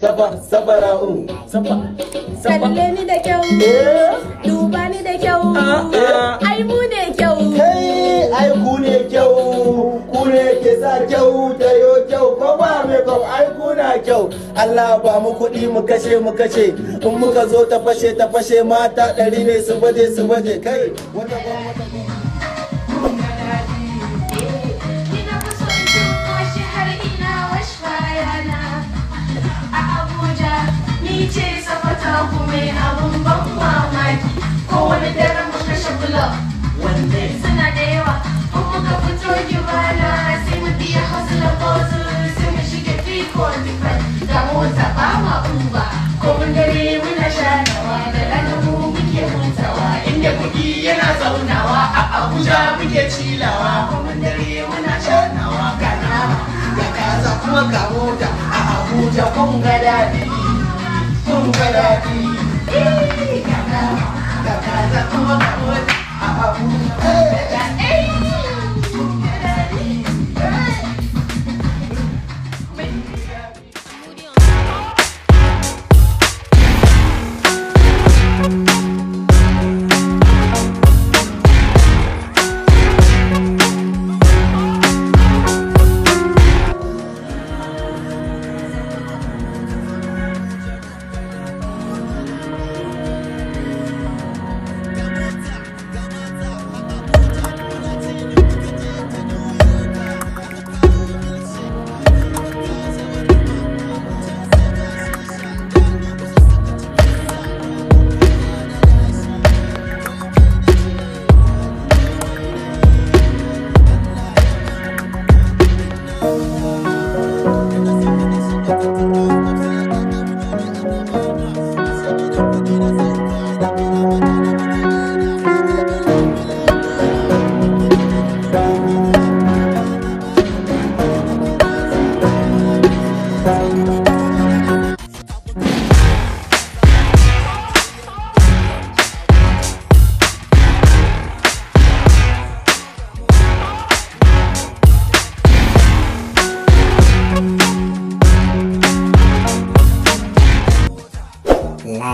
Saba, sabara'u. Saba, saba. Kalle ni da kyau. Eh? Duba ni da kyau. Ah, eh. Ai mu ne kyau. Kai, ai ku ne kyau. Ku ne ke sa kyau da yo kyau. Ko ba me ko ai ku na kyau. Allah ba mu kuɗi mu kashe mu kashe. In muka zo ta fashe ta fashe mata ɗari ne su baje su baje kai. Wata gwamnati. ni ce safata ku mai abun ban mamaki ko wani daren mu kashe wanda suna da yawa kun muka fito gibana sai mu biya hustler hustler sai mu shiga fiko difai ga mota ba uba ko mun dare muna shanawa da ranar mu muke hutawa inda kuɗi yana zaunawa a abuja muke cilawa ko mun dare muna shanawa ga nama ga kaza kuma ga mota a abuja kun ga daɗi Como vai